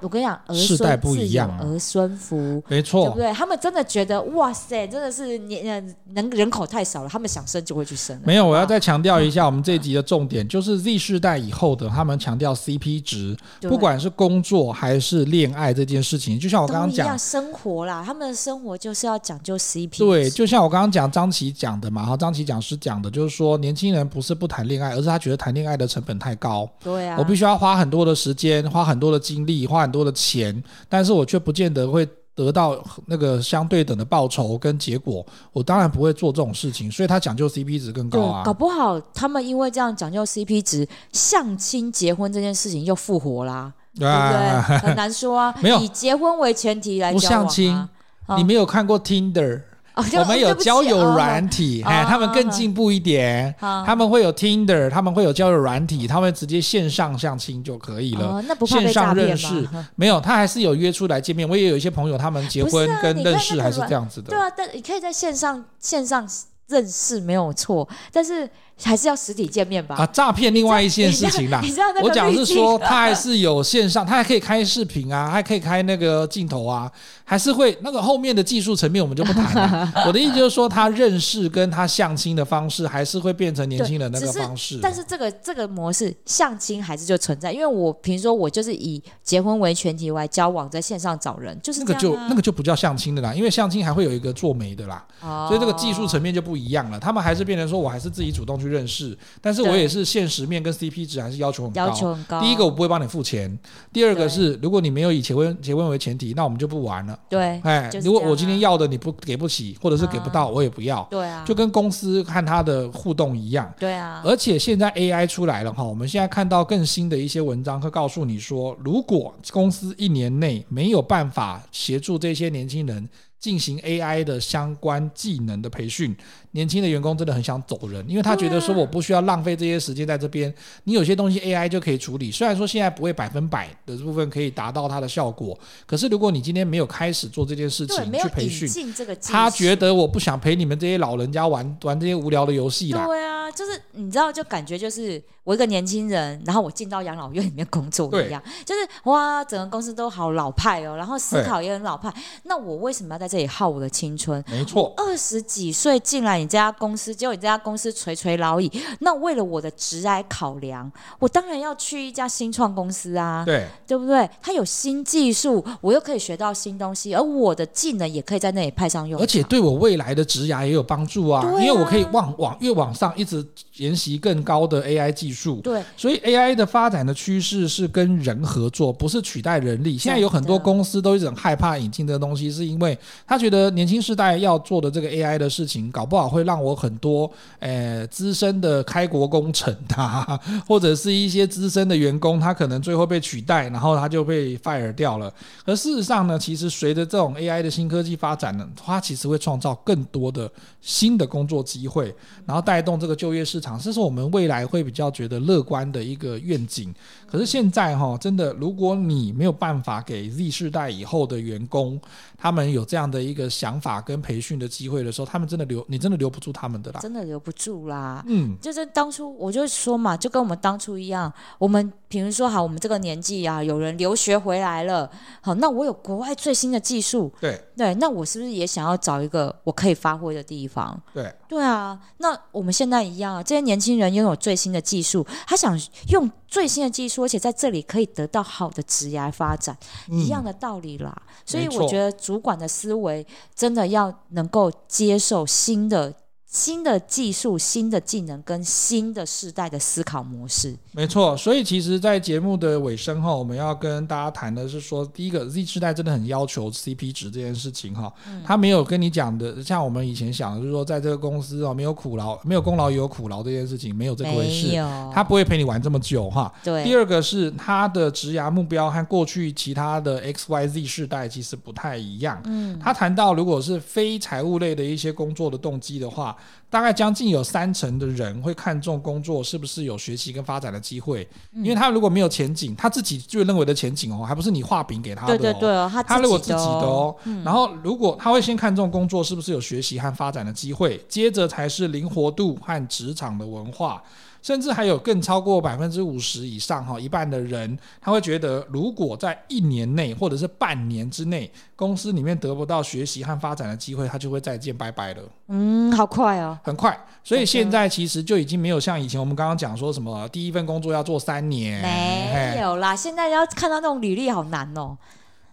我跟你講，世代不一樣，兒孫福，沒錯，對不對？他們真的覺得，哇塞，真的是年呃人人口太少了，他們想生就會去生。沒有，我要再強調一下，我們這一集的重點就是 Z 世代以後的，他們強調 CP 值，不管是工作還是戀愛這件事情，就像我剛剛講，生活啦，他們的生活就是要講究 CP 值。對，就像我剛剛講張琪講的嘛，哈，張琪講師講的就是說，年輕人不是不談戀愛，而是他覺得談戀愛的成本太高。對啊。我必須要花很多的時間，花很多的，精力，花很多的錢，但是我卻不見得會得到那個相對等的報酬跟結果。我當然不會做這種事情，所以他講究 CP 值更高啊，嗯。搞不好他們因為這樣講究 CP 值，相親結婚這件事情又復活啦，啊，啊、對不對？啊、很難說啊。沒有以結婚為前提來講，啊，不相親你沒有看過 Tinder？哦哦、我們有交友軟體，哎，哦嘿哦、他們更進步一點，哦、他們會有 Tinder、哦、他們會有交友軟體，哦、他們直接線上相親就可以了。哦、線上認識、哦、那不怕被詐騙嗎？沒有，他還是有約出來見面。我也有一些朋友，他們結婚跟認識還是這樣子的。啊對啊，但你可以在線上線上認識沒有錯，但是。還是要實體見面吧。啊，詐騙另外一件事情啦。我講是說，他還是有線上，他還可以開視頻啊，還可以開那個鏡頭啊，還是會那個後面的技術層面，我們就不談啊，了。 我的意思就是說，他認識跟他相親的方式，還是會變成年輕人那個方式。是但是這個這個模式相親還是就存在，因為我平時說我就是以結婚為前提來交往，在線上找人，就是那個就那個就不叫相親的啦，因為相親還會有一個做媒的啦，哦，所以這個技術層面就不一樣了。他們還是變成說我還是自己主動。去認識，但是我也是現實面跟 CP 值還是要求很高，要求很高。第一個我不會幫你付錢，第二個是對如果你沒有以結婚結婚為前提，那我們就不玩了。對。嘿啊、如果我今天要的你不給不起，或者是給不到，啊、我也不要。對啊。就跟公司和他的互動一樣。對啊。而且現在 AI 出來了哈，我們現在看到更新的一些文章會告訴你說，如果公司一年內沒有辦法協助這些年輕人。進行 AI 的相關技能的培訓，年輕的員工真的很想走人，因為他覺得說，我不需要浪費這些時間在這邊。你有些東西 AI 就可以處理，雖然說現在不會百分百的部分可以達到它的效果，可是如果你今天沒有開始做這件事情去培訓，他覺得我不想陪你們這些老人家玩玩這些無聊的遊戲啦。就是你知道，就感覺就是我一個年輕人，然後我進到養老院裡面工作一樣，就是哇，整個公司都好老派哦，然後思考也很老派。那我為什麼要在這裡耗我的青春？沒錯 錯，二十幾歲進來你這家公司，結果你這家公司垂垂老矣。那為了我的職涯考量，我當然要去一家新創公司啊，對，對不對？他有新技術，我又可以學到新東西，而我的技能也可以在那裡派上用，而且對我未來的職涯也有幫助啊，因為我可以往往越往上一直。研習更高的 AI 技術，對，所以 AI 的發展的趨勢是跟人合作，不是取代人力。現在有很多公司都有一種害怕引進這東西，是因為他覺得年輕世代要做的這個 AI 的事情，搞不好會讓我很多，呃，資深的開國功臣他、啊，或者是一些資深的員工，他可能最後被取代，然後他就被 fire 掉了。而事實上呢，其實隨着這種 AI 的新科技發展呢，它其實會創造更多的新的工作機會，然後帶動這個。就業市場，這是我們未來會比較覺得樂觀的一個願景。嗯，可是現在哈，真的，如果你沒有辦法給 Z 世代以後的員工，他們有這樣的一個想法跟培訓的機會的時候，他們真的留，你真的留不住他們的啦，真的留不住啦。嗯，就是當初我就說嘛，就跟我們當初一樣，我們比如說好，我們這個年紀啊，有人留學回來了，好，那我有國外最新的技術，對對，那我是不是也想要找一個我可以發揮的地方？對。對啊，那我們現在一樣啊。這些年輕人擁有最新的技術，他想用最新的技術，而且在這裡可以得到好的職業發展，嗯、一樣的道理啦。所以我覺得主管的思維真的要能夠接受新的。新的技術、新的技能跟新的世代的思考模式。沒錯，所以其實，在節目的尾聲後，我們要跟大家談的是說，第一個 Z 世代真的很要求 CP 值這件事情哈，嗯。他沒有跟你講的，像我們以前想的就是說，在這個公司哦，沒有苦勞，沒有功勞也有苦勞這件事情，沒有這個回事，沒有。他不會陪你玩這麼久哈。對。第二個是他的職涯目標和過去其他的 XYZ 世代其實不太一樣。嗯。他談到，如果是非財務類的一些工作的動機的話。大概將近有三成的人會看重工作是不是有學習跟發展的機會，因為他如果沒有前景，嗯、他自己就認為的前景哦，還不是你畫餅給他的哦。對對對，他自己的哦、他如果自己的哦，嗯、然後如果他會先看重工作是不是有學習和發展的機會，接着才是靈活度和職場的文化。甚至還有更超過百分之五十以上，哈，一半的人他會覺得，如果在一年內或者是半年之內，公司裡面得不到學習和發展的機會，他就會再見拜拜了。嗯，好快哦，很快。所以現在其實就已經沒有像以前我們剛剛講說什麼第一份工作要做三年，沒有啦。嘿現在要看到那種履歷好難哦。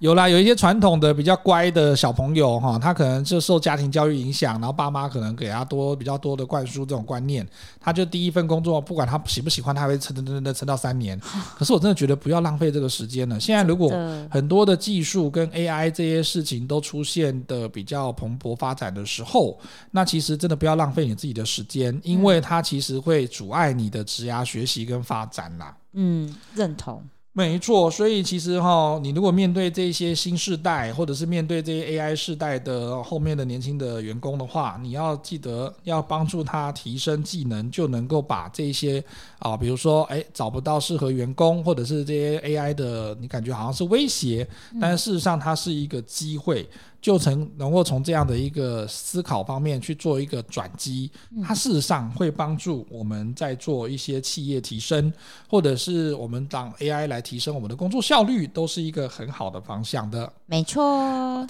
有啦，有一些傳統的比較乖的小朋友，哈，他可能是受家庭教育影響，然後爸媽可能給他多比較多的灌輸這種觀念，他就第一份工作，不管他喜不喜歡，他會撐撐撐撐撐到三年。 可是我真的覺得不要浪費這個時間了。現在如果很多的技術跟 AI 這些事情都出現的比較蓬勃發展的時候，那其實真的不要浪費你自己的時間，因為它其實會阻礙你的職涯學習跟發展啦。嗯，認同。沒錯，所以其實哈、哦，你如果面對這些新世代，或者是面對這些 AI 世代的後面的年輕的員工的話，你要記得要幫助他提升技能，就能夠把這些啊，比如說誒、哎，找不到適合員工，或者是這些 AI 的，你感覺好像是威脅，嗯、但事實上它是一個機會。就成能夠從這樣的一個思考方面去做一個轉機，嗯，它事實上會幫助我們在做一些企業提升，或者是我們讓 AI 來提升我們的工作效率，都是一個很好的方向的。沒錯。